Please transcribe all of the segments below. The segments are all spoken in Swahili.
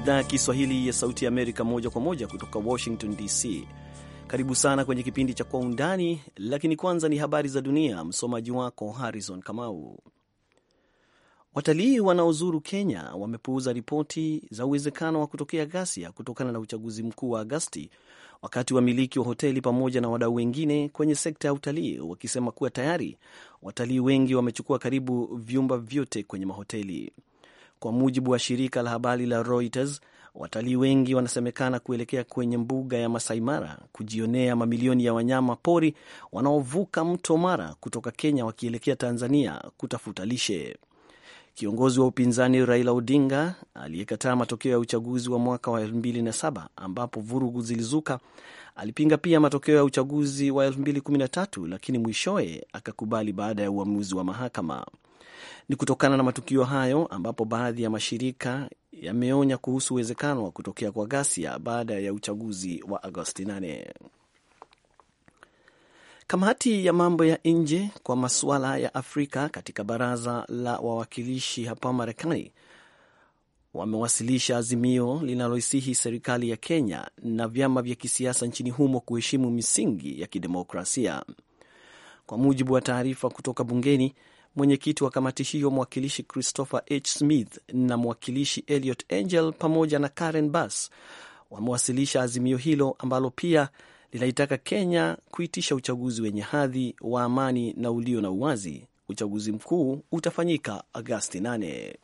idhaa ya Kiswahili ya Sauti ya Amerika moja kwa moja kutoka Washington DC. Karibu sana kwenye kipindi cha Kwa Undani, lakini kwanza ni habari za dunia. Msomaji wako Harrison Kamau. Watalii wanaozuru Kenya wamepuuza ripoti za uwezekano wa kutokea ghasia kutokana na uchaguzi mkuu wa Agasti, wakati wamiliki wa hoteli pamoja na wadau wengine kwenye sekta ya utalii wakisema kuwa tayari watalii wengi wamechukua karibu vyumba vyote kwenye mahoteli. Kwa mujibu wa shirika la habari la Reuters, watalii wengi wanasemekana kuelekea kwenye mbuga ya Masai Mara kujionea mamilioni ya wanyama pori wanaovuka mto Mara kutoka Kenya wakielekea Tanzania kutafuta lishe. Kiongozi wa upinzani Raila Odinga aliyekataa matokeo ya uchaguzi wa mwaka wa 2007 ambapo vurugu zilizuka, alipinga pia matokeo ya uchaguzi wa 2013 lakini mwishowe akakubali baada ya uamuzi wa mahakama. Ni kutokana na matukio hayo ambapo baadhi ya mashirika yameonya kuhusu uwezekano wa kutokea kwa ghasia baada ya uchaguzi wa Agosti 8. Kamati ya mambo ya nje kwa masuala ya Afrika katika baraza la wawakilishi hapa Marekani wamewasilisha azimio linaloisihi serikali ya Kenya na vyama vya kisiasa nchini humo kuheshimu misingi ya kidemokrasia. Kwa mujibu wa taarifa kutoka bungeni, mwenyekiti wa kamati hiyo mwakilishi Christopher H Smith na mwakilishi Elliot Angel pamoja na Karen Bass wamewasilisha azimio hilo ambalo pia linaitaka Kenya kuitisha uchaguzi wenye hadhi wa amani na ulio na uwazi. Uchaguzi mkuu utafanyika Agasti 8.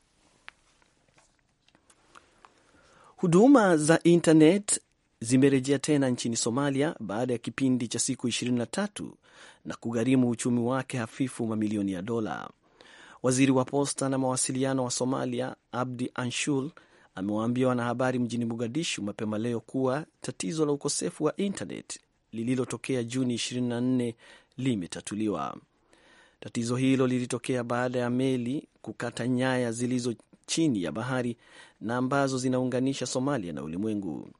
Huduma za internet zimerejea tena nchini Somalia baada ya kipindi cha siku 23 na kugharimu uchumi wake hafifu mamilioni ya dola. Waziri wa posta na mawasiliano wa Somalia Abdi Anshul amewaambia wanahabari mjini Mogadishu mapema leo kuwa tatizo la ukosefu wa intanet lililotokea Juni 24 limetatuliwa. Tatizo hilo lilitokea baada ya meli kukata nyaya zilizo chini ya bahari na ambazo zinaunganisha Somalia na ulimwengu.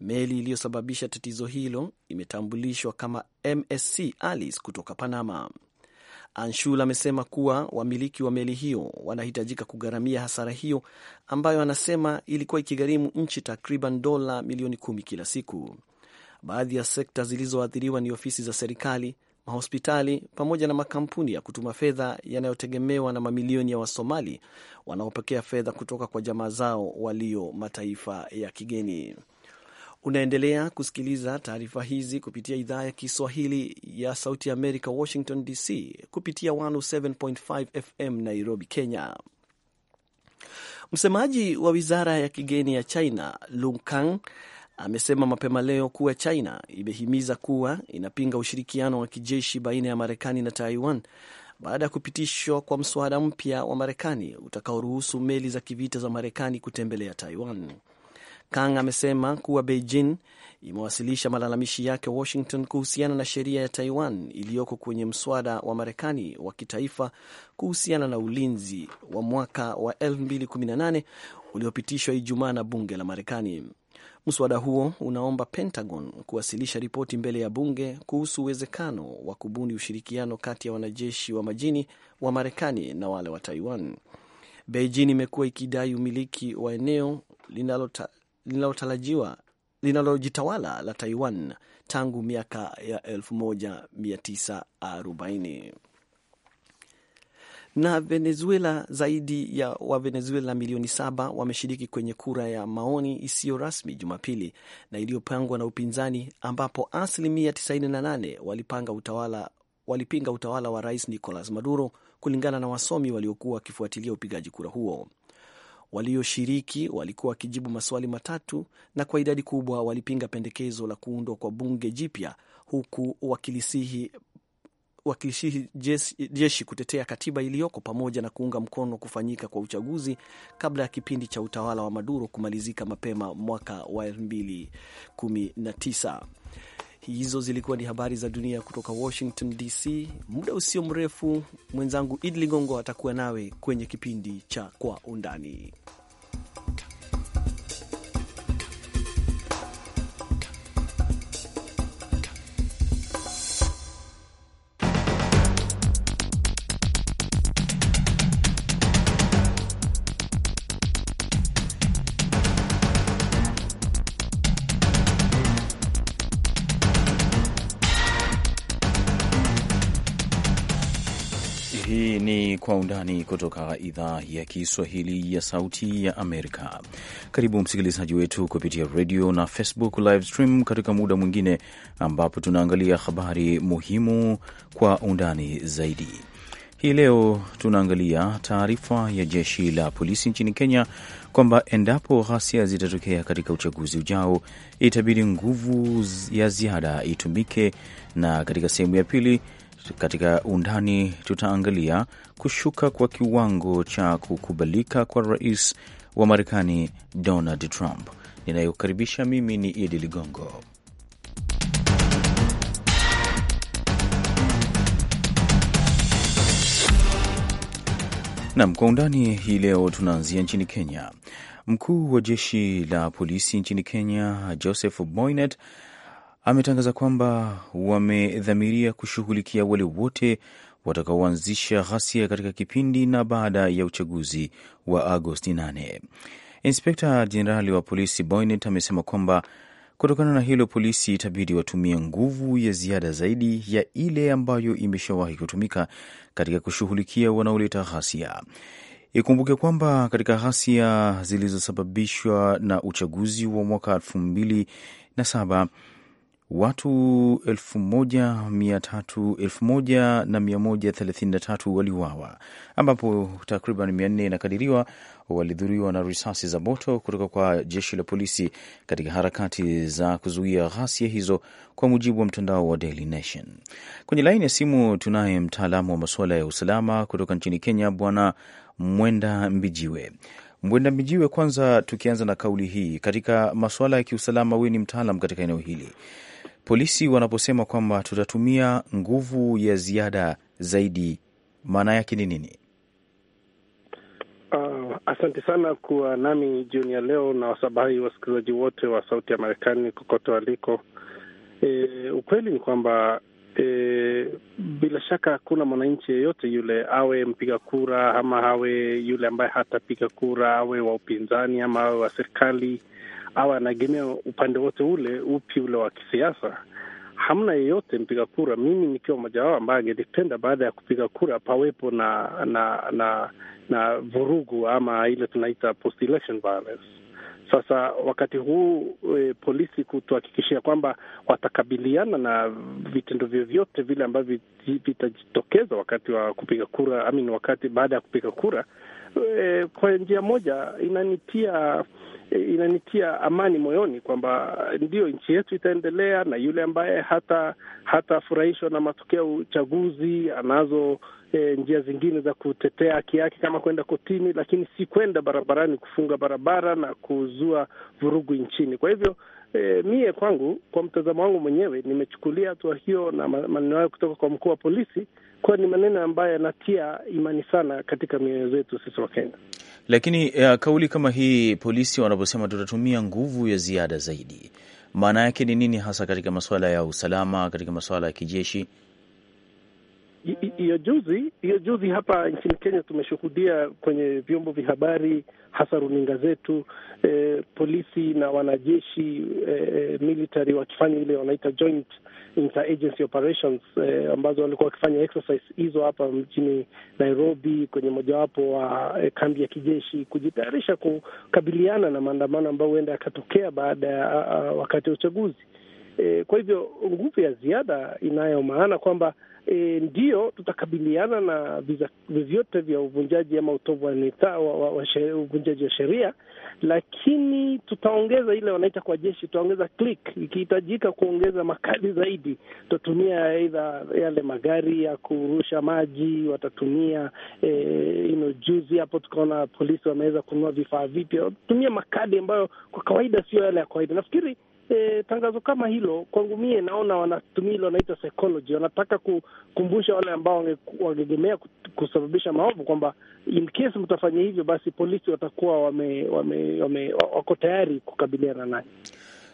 Meli iliyosababisha tatizo hilo imetambulishwa kama MSC Alice kutoka Panama. Anshul amesema kuwa wamiliki wa meli hiyo wanahitajika kugharamia hasara hiyo ambayo anasema ilikuwa ikigharimu nchi takriban dola milioni kumi kila siku. Baadhi ya sekta zilizoathiriwa ni ofisi za serikali, mahospitali pamoja na makampuni ya kutuma fedha yanayotegemewa na mamilioni ya Wasomali wanaopokea fedha kutoka kwa jamaa zao walio mataifa ya kigeni. Unaendelea kusikiliza taarifa hizi kupitia idhaa ya Kiswahili ya Sauti ya Amerika, Washington DC, kupitia 107.5 FM Nairobi, Kenya. Msemaji wa wizara ya kigeni ya China Lung Kang amesema mapema leo kuwa China imehimiza kuwa inapinga ushirikiano wa kijeshi baina ya Marekani na Taiwan baada ya kupitishwa kwa mswada mpya wa Marekani utakaoruhusu meli za kivita za Marekani kutembelea Taiwan. Kang amesema kuwa Beijing imewasilisha malalamishi yake Washington kuhusiana na sheria ya Taiwan iliyoko kwenye mswada wa Marekani wa kitaifa kuhusiana na ulinzi wa mwaka wa 2018 uliopitishwa Ijumaa na bunge la Marekani. Mswada huo unaomba Pentagon kuwasilisha ripoti mbele ya bunge kuhusu uwezekano wa kubuni ushirikiano kati ya wanajeshi wa majini wa Marekani na wale wa Taiwan. Beijing imekuwa ikidai umiliki wa eneo linalotarajiwa linalojitawala la Taiwan tangu miaka ya 1940 na Venezuela. Zaidi ya wa Venezuela milioni saba wameshiriki kwenye kura ya maoni isiyo rasmi Jumapili na iliyopangwa na upinzani, ambapo asilimia 98 walipanga utawala, walipinga utawala wa rais Nicolas Maduro, kulingana na wasomi waliokuwa wakifuatilia upigaji kura huo. Walioshiriki walikuwa wakijibu maswali matatu na kwa idadi kubwa walipinga pendekezo la kuundwa kwa bunge jipya huku wakilisihi wakilishihi jeshi kutetea katiba iliyoko pamoja na kuunga mkono kufanyika kwa uchaguzi kabla ya kipindi cha utawala wa Maduro kumalizika mapema mwaka wa 2019. Hizo zilikuwa ni habari za dunia kutoka Washington DC. Muda usio mrefu, mwenzangu Id Ligongo atakuwa nawe kwenye kipindi cha Kwa Undani. undani kutoka idhaa ya Kiswahili ya Sauti ya Amerika. Karibu msikilizaji wetu kupitia radio na Facebook live stream katika muda mwingine ambapo tunaangalia habari muhimu kwa undani zaidi. Hii leo tunaangalia taarifa ya jeshi la polisi nchini Kenya kwamba endapo ghasia zitatokea katika uchaguzi ujao itabidi nguvu ya ziada itumike, na katika sehemu ya pili katika undani tutaangalia kushuka kwa kiwango cha kukubalika kwa rais wa Marekani Donald Trump. Ninayokaribisha mimi ni Idi Ligongo. Nam kwa undani hii leo tunaanzia nchini Kenya. Mkuu wa jeshi la polisi nchini Kenya Joseph Boynet ametangaza kwamba wamedhamiria kushughulikia wale wote watakaoanzisha ghasia katika kipindi na baada ya uchaguzi wa Agosti 8. Inspekta Jenerali wa polisi Boynet amesema kwamba kutokana na hilo, polisi itabidi watumie nguvu ya ziada zaidi ya ile ambayo imeshawahi kutumika katika kushughulikia wanaoleta ghasia. Ikumbuke kwamba katika ghasia zilizosababishwa na uchaguzi wa mwaka elfu mbili na saba watu elfu moja mia tatu elfu moja na mia moja thelathini na tatu waliuawa, ambapo takriban mia nne inakadiriwa walidhuriwa na risasi za moto kutoka kwa jeshi la polisi katika harakati za kuzuia ghasia hizo, kwa mujibu wa mtandao wa Daily Nation. Kwenye laini ya simu tunaye mtaalamu wa masuala ya usalama kutoka nchini Kenya, Bwana Mwenda Mbijiwe. Mwenda Mbijiwe, kwanza tukianza na kauli hii katika masuala ya kiusalama, wewe ni mtaalam katika eneo hili polisi wanaposema kwamba tutatumia nguvu ya ziada zaidi, maana yake ni nini? Uh, asante sana kuwa nami jioni ya leo na wasabahi wasikilizaji wote wa Sauti ya Marekani kokote waliko. E, ukweli ni kwamba e, bila shaka hakuna mwananchi yeyote yule, awe mpiga kura ama awe yule ambaye hatapiga kura, awe wa upinzani ama awe wa serikali au anaegemea upande wote ule upi ule wa kisiasa. Hamna yeyote mpiga kura, mimi nikiwa mmoja wao, ambaye angependa baada ya kupiga kura pawepo na na na na vurugu ama ile tunaita post election violence. Sasa wakati huu e, polisi kutuhakikishia kwamba watakabiliana na vitendo vyovyote vile ambavyo vitajitokeza wakati wa kupiga kura, amin, wakati baada ya kupiga kura e, kwa njia moja inanitia Eh, inanitia amani moyoni kwamba eh, ndiyo nchi yetu itaendelea, na yule ambaye hata hatafurahishwa na matokeo ya uchaguzi anazo E, njia zingine za kutetea haki yake kama kwenda kotini, lakini si kwenda barabarani kufunga barabara na kuzua vurugu nchini. Kwa hivyo e, mie kwangu, kwa mtazamo wangu mwenyewe, nimechukulia hatua hiyo na maneno hayo kutoka kwa mkuu wa polisi kwa ni maneno ambayo yanatia imani sana katika mioyo zetu sisi kenya Lakini uh, kauli kama hii polisi wanaposema tutatumia nguvu ya ziada zaidi, maana yake ni nini hasa katika masuala ya usalama, katika masuala ya kijeshi? Hiyo juzi hiyo juzi hapa nchini Kenya tumeshuhudia kwenye vyombo vya habari hasa runinga zetu, eh, polisi na wanajeshi eh, eh military wakifanya ile wanaita joint interagency operations eh, ambazo walikuwa wakifanya exercise hizo hapa mjini Nairobi kwenye mojawapo wa eh, kambi ya kijeshi kujitayarisha kukabiliana na maandamano ambayo huenda yakatokea baada ya eh, wakati wa uchaguzi eh, kwa hivyo nguvu ya ziada inayo maana kwamba e, ndio tutakabiliana na vyote vya uvunjaji ama utovu wa nidhamu wa, wa, wa uvunjaji wa sheria, lakini tutaongeza ile wanaita kwa jeshi, tutaongeza click. Ikihitajika kuongeza makali zaidi, tutatumia aidha yale magari ya kurusha maji, watatumia e, ino juzi hapo tukaona polisi wameweza kununua vifaa vipya, watatumia makali ambayo kwa kawaida sio yale ya kawaida. Nafikiri e, tangazo kama hilo kwangu mie naona wanatumia hilo wanaita psychology, wanataka kukumbusha wale ambao wangegemea kusababisha maovu kwamba in case mtafanya hivyo, basi polisi watakuwa wame, wame, wame, wako tayari kukabiliana naye.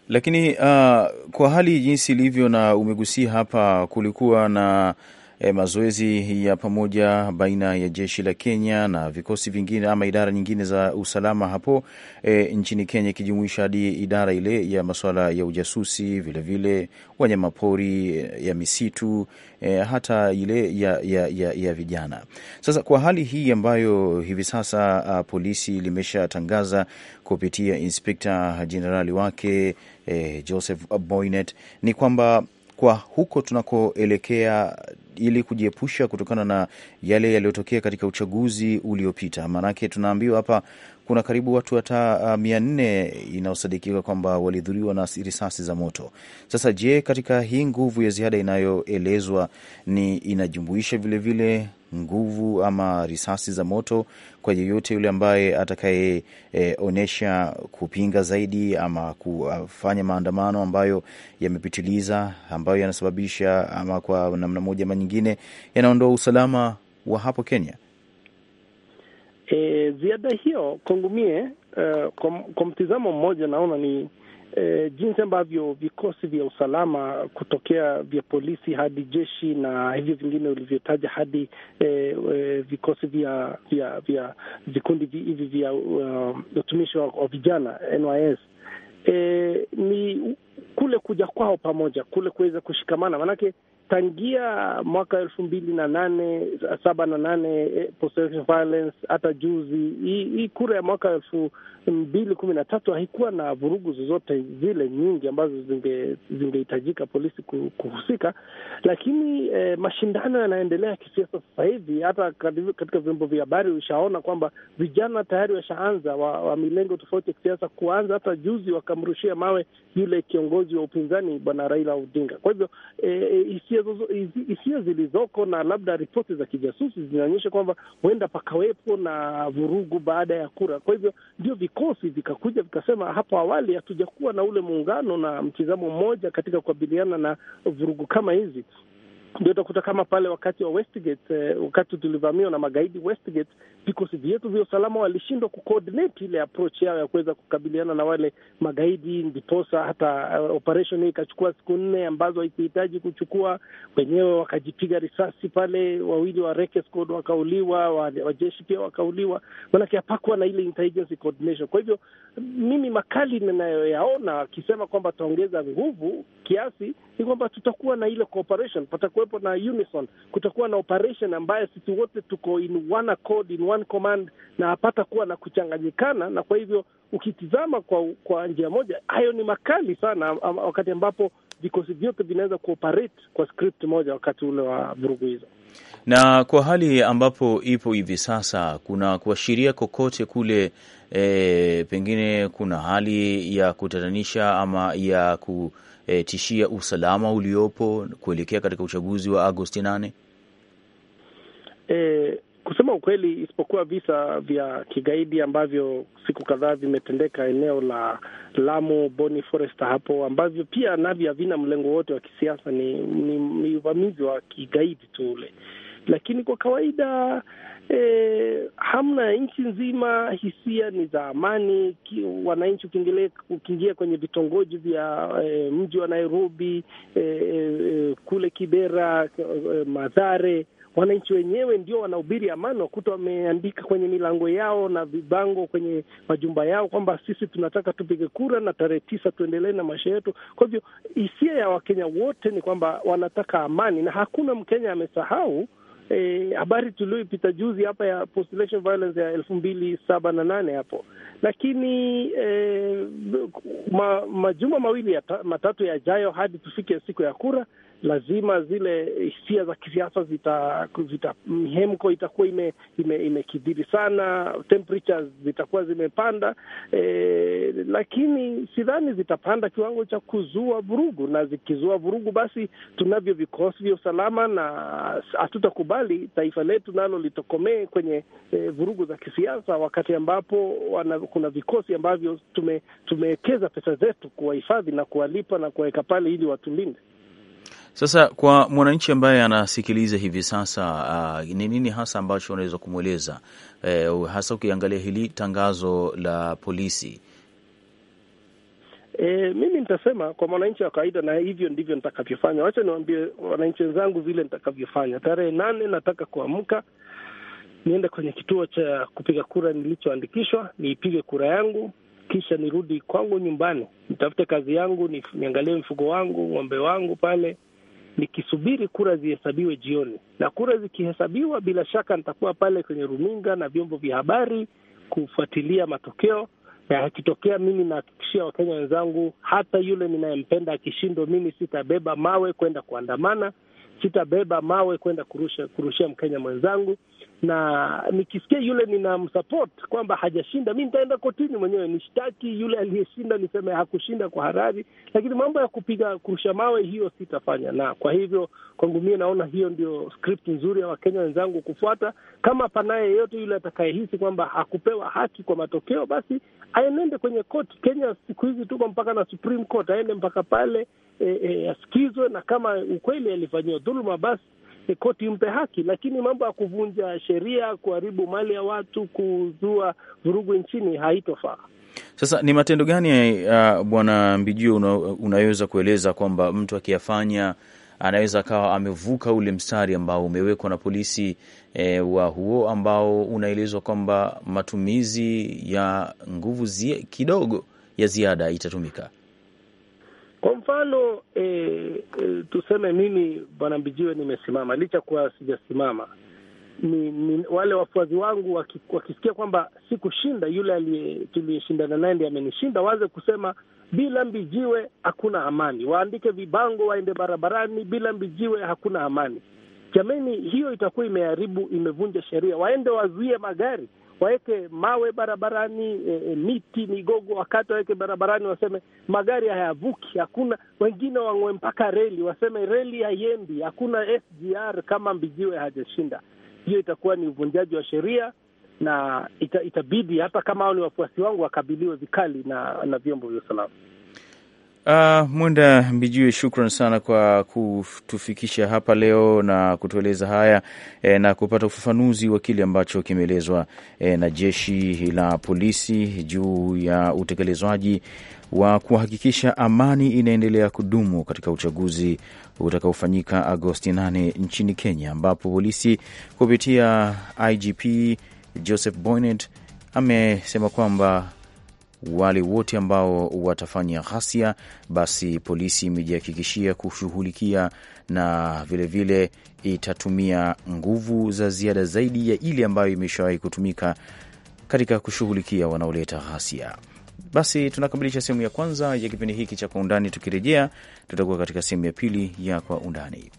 Lakini uh, kwa hali jinsi ilivyo na umegusia hapa, kulikuwa na e, mazoezi ya pamoja baina ya jeshi la Kenya na vikosi vingine ama idara nyingine za usalama hapo e, nchini Kenya ikijumuisha hadi idara ile ya masuala ya ujasusi, vilevile wanyamapori, eh, ya misitu e, hata ile ya, ya, ya, ya vijana. Sasa kwa hali hii ambayo hivi sasa a, ah, polisi limeshatangaza kupitia inspekta jenerali wake e, Joseph Boynet ni kwamba kwa huko tunakoelekea ili kujiepusha kutokana na yale yaliyotokea katika uchaguzi uliopita. Maanake tunaambiwa hapa kuna karibu watu hata uh, mia nne inaosadikika kwamba walidhuriwa na risasi za moto. Sasa je, katika hii nguvu ya ziada inayoelezwa ni inajumuisha vilevile nguvu ama risasi za moto kwa yeyote yule ambaye atakayeonyesha e, kupinga zaidi ama kufanya maandamano ambayo yamepitiliza, ambayo yanasababisha ama kwa namna moja ama nyingine yanaondoa usalama wa hapo Kenya. E, ziada hiyo kongumie, uh, e, kwa mtizamo mmoja naona ni E, jinsi ambavyo vikosi vya usalama kutokea vya polisi hadi jeshi na hivyo vingine ulivyotaja hadi e, e, vikosi vya vya vya vikundi hivi vya uh, utumishi uh, wa vijana NYS e, ni kule kuja kwao pamoja, kule kuweza kushikamana maanake tangia mwaka elfu mbili na nane saba na nane eh, violence, hata juzi hii kura ya mwaka elfu mbili kumi na tatu haikuwa na vurugu zozote zile nyingi ambazo zingehitajika zinge polisi kuhusika, lakini eh, mashindano yanaendelea kisiasa sasa hivi. Hata katika vyombo vya habari ushaona kwamba vijana tayari washaanza wa, wa milengo tofauti ya kisiasa kuanza. Hata juzi wakamrushia mawe yule kiongozi wa upinzani Bwana Raila Odinga. Kwa hivyo eh, eh hisia zozo hisia zilizoko na labda ripoti za kijasusi zinaonyesha kwamba huenda pakawepo na vurugu baada ya kura. Kwa hivyo ndio vikosi vikakuja vikasema, hapo awali hatujakuwa na ule muungano na mtizamo mmoja katika kukabiliana na vurugu kama hizi ndio utakuta kama pale wakati wa Westgate eh, wakati tulivamiwa na magaidi Westgate, vikosi vyetu vya usalama walishindwa kucoordinate ile approach yao ya kuweza kukabiliana na wale magaidi, ndiposa hata uh, operation hiyo ikachukua siku nne ambazo haikuhitaji kuchukua. Wenyewe wakajipiga risasi pale, wawili wa Reke Squad wakauliwa, wajeshi pia wakauliwa, manake hapakuwa na ile intelligence coordination. Kwa hivyo mimi makali ninayoyaona akisema kwamba tutaongeza nguvu kiasi ni kwamba tutakuwa na ile cooperation patakuwa kutakuwepo na unison, kutakuwa na operation ambayo sisi wote tuko in one accord, in one command, na hapata kuwa na kuchanganyikana. Na kwa hivyo ukitizama kwa kwa njia moja, hayo ni makali sana, wakati ambapo vikosi vyote vinaweza kuoperate kwa script moja wakati ule wa vurugu hizo, na kwa hali ambapo ipo hivi sasa, kuna kuashiria kokote kule e, pengine kuna hali ya kutatanisha ama ya kutishia usalama uliopo kuelekea katika uchaguzi wa Agosti nane? E, kusema ukweli, isipokuwa visa vya kigaidi ambavyo siku kadhaa vimetendeka eneo la Lamu, Boni Foresta hapo, ambavyo pia navyo havina mlengo wote wa kisiasa, ni ni uvamizi wa kigaidi tu ule, lakini kwa kawaida E, hamna nchi nzima, hisia ni za amani. Wananchi ukiingia kwenye vitongoji vya e, mji wa Nairobi e, e, e kule Kibera e, e, Mathare, wananchi wenyewe ndio wanahubiri amani. Wakuta wameandika kwenye milango yao na vibango kwenye majumba yao kwamba sisi tunataka tupige kura na tarehe tisa tuendelee na maisha yetu. Kwa hivyo hisia ya Wakenya wote ni kwamba wanataka amani, na hakuna Mkenya amesahau eh, habari tulioipita juzi hapa ya postulation violence ya elfu mbili saba na nane hapo, lakini eh, ma, majuma mawili ya ta, matatu yajayo hadi tufike siku ya kura lazima zile hisia za kisiasa zita, zita mihemko itakuwa imekidhiri ime, ime sana, temperatures zitakuwa zimepanda e, lakini sidhani zitapanda kiwango cha kuzua vurugu, na zikizua vurugu, basi tunavyo vikosi vya usalama na hatutakubali taifa letu nalo litokomee kwenye e, vurugu za kisiasa, wakati ambapo wana, kuna vikosi ambavyo tumewekeza pesa zetu kuwahifadhi na kuwalipa na kuwaweka pale ili watulinde. Sasa kwa mwananchi ambaye anasikiliza hivi sasa, ah, ni uh, nini hasa ambacho unaweza kumweleza eh, hasa ukiangalia hili tangazo la polisi? E, mimi nitasema kwa mwananchi wa kawaida, na hivyo ndivyo nitakavyofanya. Wacha niwaambie wananchi wenzangu vile nitakavyofanya. Tarehe nane nataka kuamka niende kwenye kituo cha kupiga kura nilichoandikishwa, niipige kura yangu, kisha nirudi kwangu nyumbani, nitafute kazi yangu, niangalie mfugo wangu, ng'ombe wangu pale nikisubiri kura zihesabiwe jioni, na kura zikihesabiwa, bila shaka nitakuwa pale kwenye runinga na vyombo vya habari kufuatilia matokeo, na akitokea mimi nahakikishia Wakenya wenzangu, hata yule ninayempenda akishindwa, mimi sitabeba mawe kwenda kuandamana sitabeba mawe kwenda kurusha kurushia Mkenya mwenzangu, na nikisikia yule ninamsupport kwamba hajashinda, mi nitaenda kotini mwenyewe nishtaki yule aliyeshinda, niseme hakushinda kwa harari, lakini mambo ya kupiga kurusha mawe, hiyo sitafanya. Na kwa hivyo kwangu mie naona hiyo ndio script nzuri ya Wakenya wenzangu kufuata. Kama panaye yeyote yule atakayehisi kwamba hakupewa haki kwa matokeo, basi aenende kwenye koti. Kenya siku hizi tuko mpaka na Supreme Court, aende mpaka pale e, e, asikizwe na kama ukweli alifanyiwa dhuluma basi e, koti mpe haki. Lakini mambo ya kuvunja sheria, kuharibu mali ya watu, kuzua vurugu nchini haitofaa. Sasa ni matendo gani uh, bwana Mbijio, una, unaweza kueleza kwamba mtu akiyafanya anaweza akawa amevuka ule mstari ambao umewekwa na polisi e, wa huo ambao unaelezwa kwamba matumizi ya nguvu zi, kidogo ya ziada itatumika? Kwa mfano e, e, tuseme mimi bwana Mbijiwe nimesimama licha kuwa sijasimama ni, ni, wale wafuazi wangu waki, wakisikia kwamba sikushinda, yule tuliyeshindana naye ndiye amenishinda, waze kusema bila Mbijiwe hakuna amani, waandike vibango, waende barabarani, bila Mbijiwe hakuna amani. Jamani, hiyo itakuwa imeharibu, imevunja sheria. Waende wazuie magari waweke mawe barabarani, e, e, miti migogo, wakati waweke barabarani, waseme magari hayavuki, hakuna. Wengine wang'oe mpaka reli, waseme reli haiendi, hakuna SGR kama Mbijiwe hajashinda. Hiyo itakuwa ni uvunjaji wa sheria na ita, itabidi hata kama hao ni wafuasi wangu wakabiliwe vikali na na vyombo vya usalama. Uh, Mwenda Mbijue, shukran sana kwa kutufikisha hapa leo na kutueleza haya e, na kupata ufafanuzi wa kile ambacho kimeelezwa e, na jeshi la polisi juu ya utekelezwaji wa kuhakikisha amani inaendelea kudumu katika uchaguzi utakaofanyika Agosti 8 nchini Kenya, ambapo polisi kupitia IGP Joseph Boynet amesema kwamba wale wote ambao watafanya ghasia, basi polisi imejihakikishia kushughulikia na vilevile vile itatumia nguvu za ziada zaidi ya ile ambayo imeshawahi kutumika katika kushughulikia wanaoleta ghasia. Basi tunakamilisha sehemu ya kwanza ya kipindi hiki cha Kwa Undani. Tukirejea tutakuwa katika sehemu ya pili ya Kwa Undani.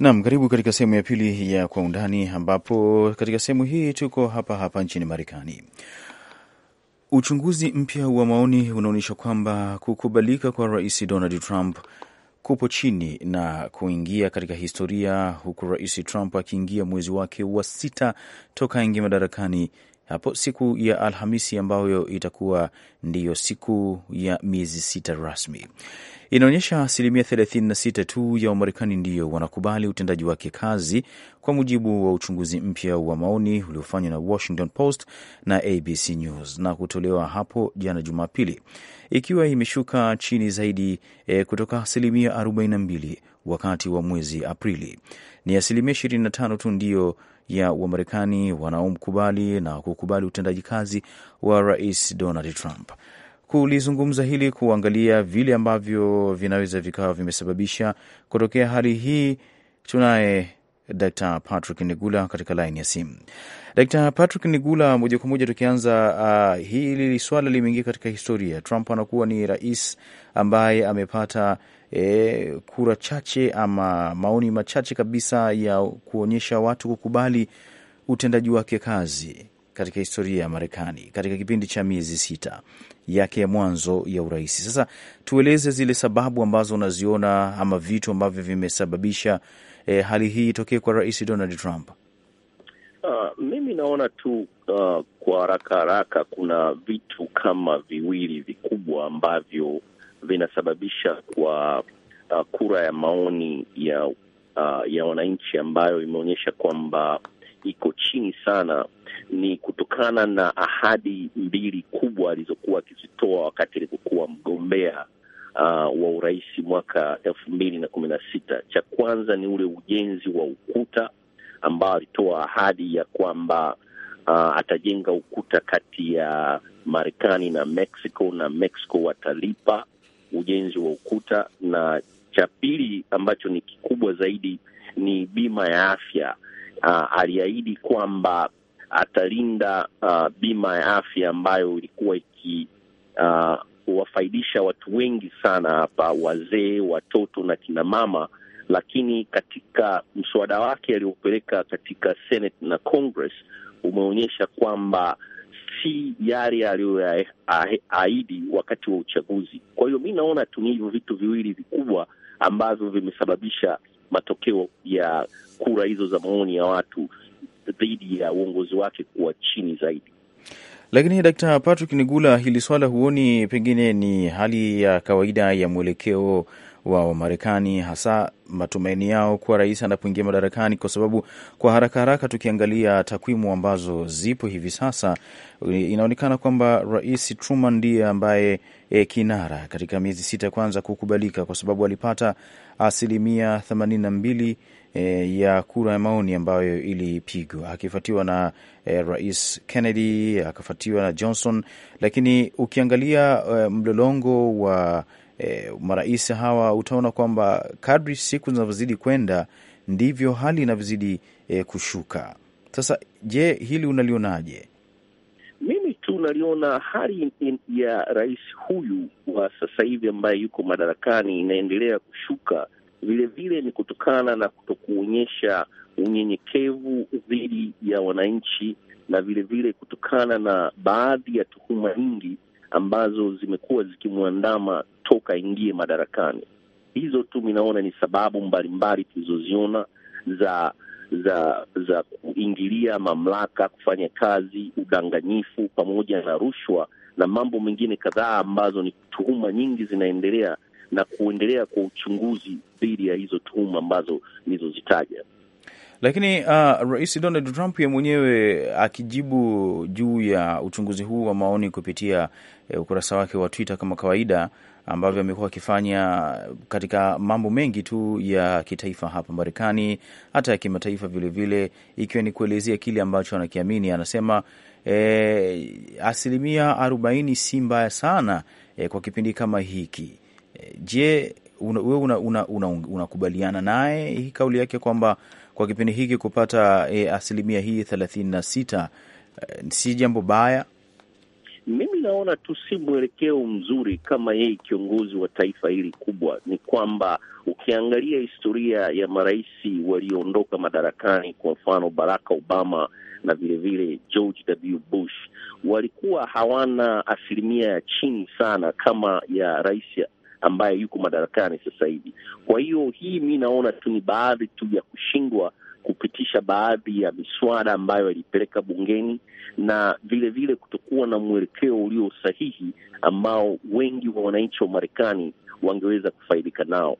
nam karibu katika sehemu ya pili ya Kwa Undani, ambapo katika sehemu hii tuko hapa hapa nchini Marekani. Uchunguzi mpya wa maoni unaonyesha kwamba kukubalika kwa Rais Donald Trump kupo chini na kuingia katika historia, huku Rais Trump akiingia mwezi wake wa sita toka aingia madarakani hapo siku ya Alhamisi ambayo itakuwa ndiyo siku ya miezi sita rasmi inaonyesha asilimia 36 tu ya Wamarekani ndiyo wanakubali utendaji wake kazi, kwa mujibu wa uchunguzi mpya wa maoni uliofanywa na Washington Post na ABC News na kutolewa hapo jana Jumapili, ikiwa imeshuka chini zaidi e, kutoka asilimia 42 wakati wa mwezi Aprili. Ni asilimia 25 tu ndiyo ya Wamarekani wanaomkubali na kukubali utendaji kazi wa Rais Donald Trump kulizungumza hili, kuangalia vile ambavyo vinaweza vikawa vimesababisha kutokea hali hii, tunaye Dr. Patrick Nigula katika laini ya simu. Dr. Patrick Nigula, moja kwa moja tukianza, uh, hili swala limeingia katika historia. Trump anakuwa ni rais ambaye amepata E, kura chache ama maoni machache kabisa ya kuonyesha watu kukubali utendaji wake kazi katika historia ya Marekani katika kipindi cha miezi sita yake ya mwanzo ya urais. Sasa tueleze zile sababu ambazo unaziona ama vitu ambavyo vimesababisha eh, hali hii itokee kwa Rais Donald Trump. Uh, mimi naona tu uh, kwa haraka haraka kuna vitu kama viwili vikubwa ambavyo vinasababisha kwa uh, kura ya maoni ya uh, ya wananchi ambayo imeonyesha kwamba iko chini sana ni kutokana na ahadi mbili kubwa alizokuwa akizitoa wakati alipokuwa mgombea uh, wa urais mwaka elfu mbili na kumi na sita. Cha kwanza ni ule ujenzi wa ukuta ambao alitoa ahadi ya kwamba uh, atajenga ukuta kati ya Marekani na Mexico na Mexico watalipa ujenzi wa ukuta, na cha pili ambacho ni kikubwa zaidi ni bima ya afya. Uh, aliahidi kwamba atalinda uh, bima ya afya ambayo ilikuwa ikiwafaidisha uh, watu wengi sana hapa, wazee, watoto na kina mama, lakini katika mswada wake aliopeleka katika Senate na Congress umeonyesha kwamba si yale aliyoyaahidi wakati wa uchaguzi. Kwa hiyo mi naona tu ni hivyo vitu viwili vikubwa ambavyo vimesababisha matokeo ya kura hizo za maoni ya watu dhidi ya uongozi wake kuwa chini zaidi. Lakini Dkt. Patrick Nigula, hili swala huoni pengine ni hali ya kawaida ya mwelekeo wa Wamarekani, hasa matumaini yao kuwa rais anapoingia madarakani? Kwa sababu kwa haraka haraka tukiangalia takwimu ambazo zipo hivi sasa, inaonekana kwamba Rais Truman ndiye ambaye e, kinara katika miezi sita kwanza kukubalika, kwa sababu alipata asilimia themanini na mbili e, ya kura ya maoni ambayo ilipigwa, akifuatiwa na e, Rais Kennedy, akafuatiwa na Johnson. Lakini ukiangalia e, mlolongo wa e, marais hawa utaona kwamba kadri siku zinavyozidi kwenda ndivyo hali inavyozidi e, kushuka. Sasa je, hili unalionaje? Mimi tu naliona hali ya rais huyu wa sasa hivi ambaye yuko madarakani inaendelea kushuka vile vile ni kutokana na kutokuonyesha unyenyekevu dhidi ya wananchi na vilevile vile kutokana na baadhi ya tuhuma nyingi ambazo zimekuwa zikimwandama toka ingie madarakani. Hizo tu minaona ni sababu mbalimbali tulizoziona za za za kuingilia mamlaka kufanya kazi, udanganyifu pamoja na rushwa na mambo mengine kadhaa ambazo ni tuhuma nyingi zinaendelea na kuendelea kwa uchunguzi dhidi ya hizo tuhuma ambazo nilizozitaja. Lakini uh, Rais Donald Trump ye mwenyewe akijibu juu ya uchunguzi huu wa maoni kupitia eh, ukurasa wake wa Twitter kama kawaida ambavyo amekuwa akifanya katika mambo mengi tu ya kitaifa hapa Marekani, hata ya kimataifa vilevile, ikiwa ni kuelezea kile ambacho anakiamini. Anasema e, asilimia arobaini si mbaya sana e, kwa kipindi kama hiki Je, wewe unakubaliana una, una, una naye hii kauli yake kwamba kwa kipindi hiki kupata e, asilimia hii thelathini na sita eh, si jambo baya? Mimi naona tu si mwelekeo mzuri kama yeye kiongozi wa taifa hili kubwa. Ni kwamba ukiangalia historia ya marais walioondoka madarakani, kwa mfano Barack Obama na vilevile George W. Bush, walikuwa hawana asilimia ya chini sana kama ya rais ambaye yuko madarakani sasa hivi. Kwa hiyo hii mi naona tu ni baadhi tu ya kushindwa kupitisha baadhi ya miswada ambayo yalipeleka bungeni na vile vile kutokuwa na mwelekeo ulio sahihi ambao wengi wa wananchi wa Marekani wangeweza kufaidika nao.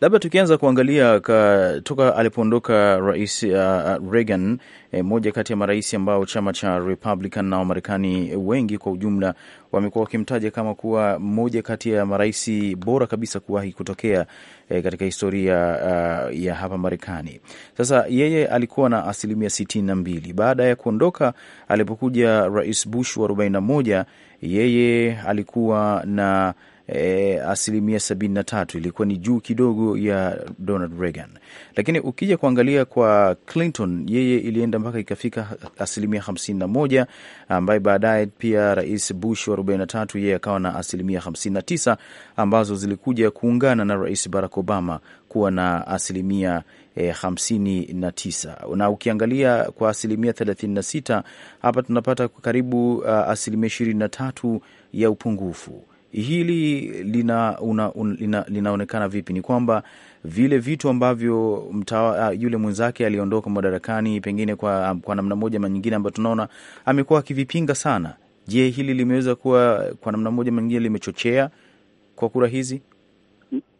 Labda tukianza kuangalia ka, toka alipoondoka rais uh, uh, Reagan eh, moja kati ya marais ambao chama cha Republican na Wamarekani wengi kwa ujumla wamekuwa wakimtaja kama kuwa mmoja kati ya marais bora kabisa kuwahi kutokea eh, katika historia uh, ya hapa Marekani. Sasa yeye alikuwa na asilimia sitini na mbili. Baada ya kuondoka, alipokuja rais Bush wa arobaini na moja, yeye alikuwa na e, asilimia sabini na tatu ilikuwa ni juu kidogo ya Donald Reagan, lakini ukija kuangalia kwa Clinton, yeye ilienda mpaka ikafika asilimia hamsini na moja ambaye baadaye pia Rais Bush wa arobaini na tatu yeye akawa na asilimia hamsini na tisa ambazo zilikuja kuungana na Rais Barack Obama kuwa na asilimia E, hamsini na tisa na ukiangalia kwa asilimia thelathini na sita hapa tunapata karibu uh, asilimia ishirini na tatu ya upungufu hili lina, una, un, lina, linaonekana vipi? Ni kwamba vile vitu ambavyo mtawa, ah, yule mwenzake aliondoka madarakani pengine kwa, kwa namna moja ama nyingine ambayo tunaona amekuwa akivipinga sana. Je, hili limeweza kuwa kwa namna moja ama nyingine limechochea kwa kura hizi?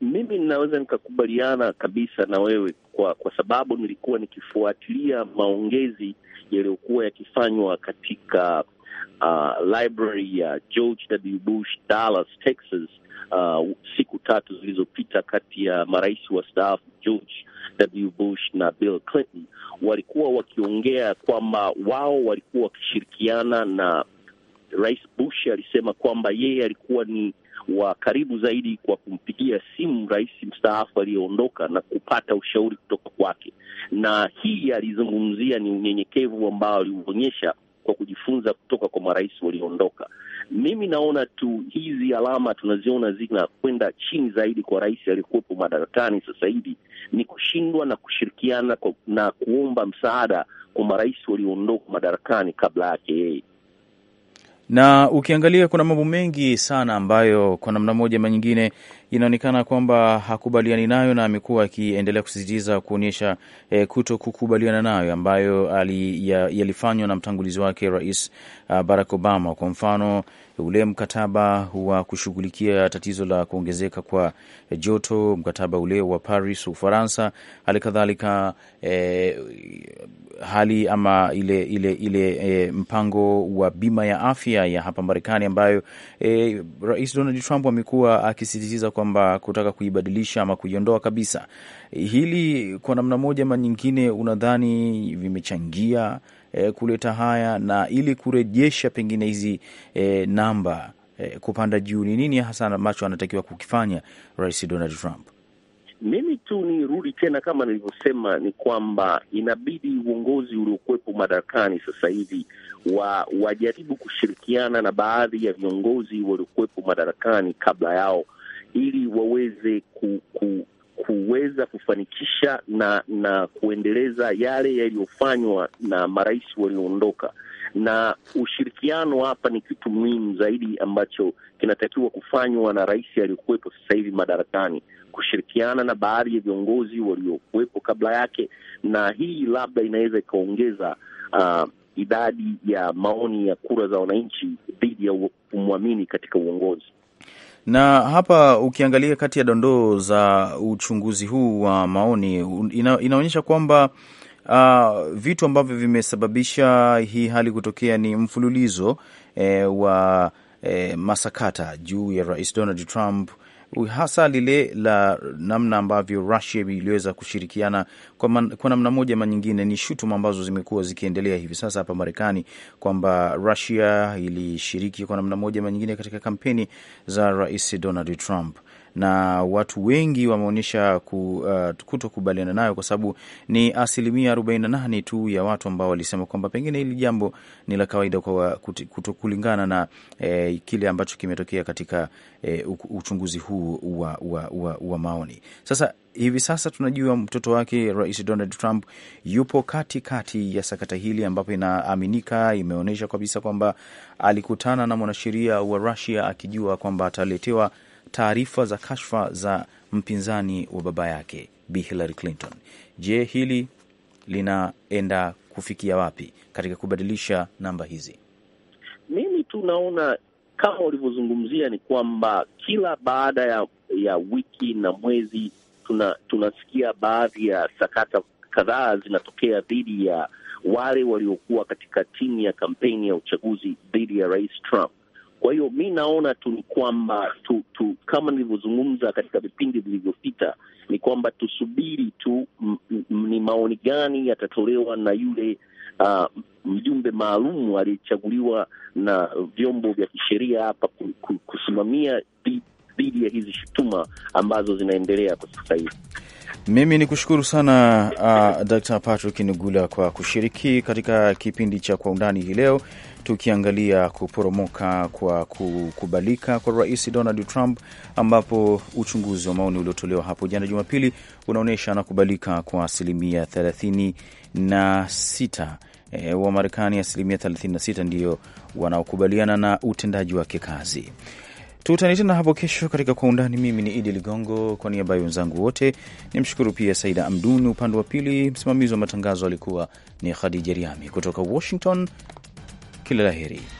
Mimi ninaweza nikakubaliana kabisa na wewe kwa, kwa sababu nilikuwa nikifuatilia maongezi yaliyokuwa yakifanywa katika uh, library ya uh, George W. Bush Dallas, Texas, uh, siku tatu zilizopita kati ya marais wa staff George W. Bush na Bill Clinton walikuwa wakiongea kwamba wao walikuwa wakishirikiana na Rais Bush alisema kwamba yeye alikuwa ni wa karibu zaidi kwa kumpigia simu rais mstaafu aliyeondoka na kupata ushauri kutoka kwake, na hii alizungumzia ni unyenyekevu ambao aliuonyesha kwa kujifunza kutoka kwa marais walioondoka. Mimi naona tu hizi alama tunaziona zinakwenda chini zaidi kwa rais aliyekuwepo madarakani sasa hivi ni kushindwa na kushirikiana na kuomba msaada kwa marais walioondoka madarakani kabla yake yeye na ukiangalia kuna mambo mengi sana ambayo kwa namna moja ama nyingine inaonekana kwamba hakubaliani nayo na amekuwa akiendelea kusisitiza kuonyesha e, eh, kuto kukubaliana nayo ambayo yalifanywa na mtangulizi wake Rais uh, Barack Obama. Kwa mfano ule mkataba wa kushughulikia tatizo la kuongezeka kwa joto, mkataba ule wa Paris Ufaransa, hali kadhalika e, hali ama ile, ile, ile e, mpango wa bima ya afya ya hapa Marekani ambayo e, Rais Donald Trump amekuwa akisisitiza kwamba kutaka kuibadilisha ama kuiondoa kabisa. Hili kwa namna moja ama nyingine, unadhani vimechangia e, kuleta haya na ili kurejesha pengine hizi e, namba e, kupanda juu? Ni nini hasa ambacho anatakiwa kukifanya Rais Donald Trump? Mimi tu nirudi tena, kama nilivyosema, ni kwamba inabidi uongozi uliokuwepo madarakani sasa hivi wa wajaribu kushirikiana na baadhi ya viongozi waliokuwepo madarakani kabla yao ili waweze ku, ku, kuweza kufanikisha na na kuendeleza yale yaliyofanywa na marais walioondoka, na ushirikiano hapa ni kitu muhimu zaidi ambacho kinatakiwa kufanywa na rais aliyokuwepo sasa hivi madarakani, kushirikiana na baadhi ya viongozi waliokuwepo kabla yake, na hii labda inaweza ikaongeza uh, idadi ya maoni ya kura za wananchi dhidi ya umwamini katika uongozi. Na hapa ukiangalia kati ya dondoo za uchunguzi huu wa maoni ina, inaonyesha kwamba Uh, vitu ambavyo vimesababisha hii hali kutokea ni mfululizo eh, wa eh, masakata juu ya Rais Donald Trump hasa lile la namna ambavyo Russia iliweza kushirikiana kwa, man, kwa namna moja ama nyingine. Ni shutuma ambazo zimekuwa zikiendelea hivi sasa hapa Marekani kwamba Russia ilishiriki kwa namna moja ama nyingine katika kampeni za Rais Donald Trump na watu wengi wameonyesha uh, kutokubaliana nayo, kwa sababu ni asilimia 48 tu ya watu ambao walisema kwamba pengine hili jambo ni la kawaida kwa kutokulingana na eh, kile ambacho kimetokea katika eh, uchunguzi huu wa, wa, wa, wa maoni. Sasa hivi sasa tunajua mtoto wake Rais Donald Trump yupo katikati kati ya sakata hili, ambapo inaaminika imeonyesha kabisa kwamba alikutana na mwanasheria wa Russia akijua kwamba ataletewa taarifa za kashfa za mpinzani wa baba yake Bi Hillary Clinton. Je, hili linaenda kufikia wapi katika kubadilisha namba hizi? Mimi tunaona kama ulivyozungumzia ni kwamba kila baada ya, ya wiki na mwezi tuna, tunasikia baadhi ya sakata kadhaa zinatokea dhidi ya wale waliokuwa katika timu ya kampeni ya uchaguzi dhidi ya Rais Trump. Kwa hiyo mi naona tu ni kwamba tu, tu kama nilivyozungumza katika vipindi vilivyopita ni kwamba tusubiri tu ni maoni gani yatatolewa na yule uh, mjumbe maalum aliyechaguliwa na vyombo vya kisheria hapa kusimamia dhidi ya hizi shutuma ambazo zinaendelea kwa sasa hivi. Mimi ni kushukuru sana uh, Dr. Patrick Nugula kwa kushiriki katika kipindi cha Kwa Undani hii leo, tukiangalia kuporomoka kwa kukubalika kwa Rais Donald Trump, ambapo uchunguzi wa maoni uliotolewa hapo jana Jumapili unaonyesha anakubalika kwa asilimia 36. E, eh, wa Marekani asilimia 36 ndiyo wanaokubaliana na utendaji wake kazi. Tukutane tena hapo kesho katika Kwa Undani. Mimi ni Idi Ligongo, kwa niaba ya wenzangu wote ni mshukuru pia Saida Amduni upande wa pili. Msimamizi wa matangazo alikuwa ni Khadija Riami kutoka Washington. Kila la heri.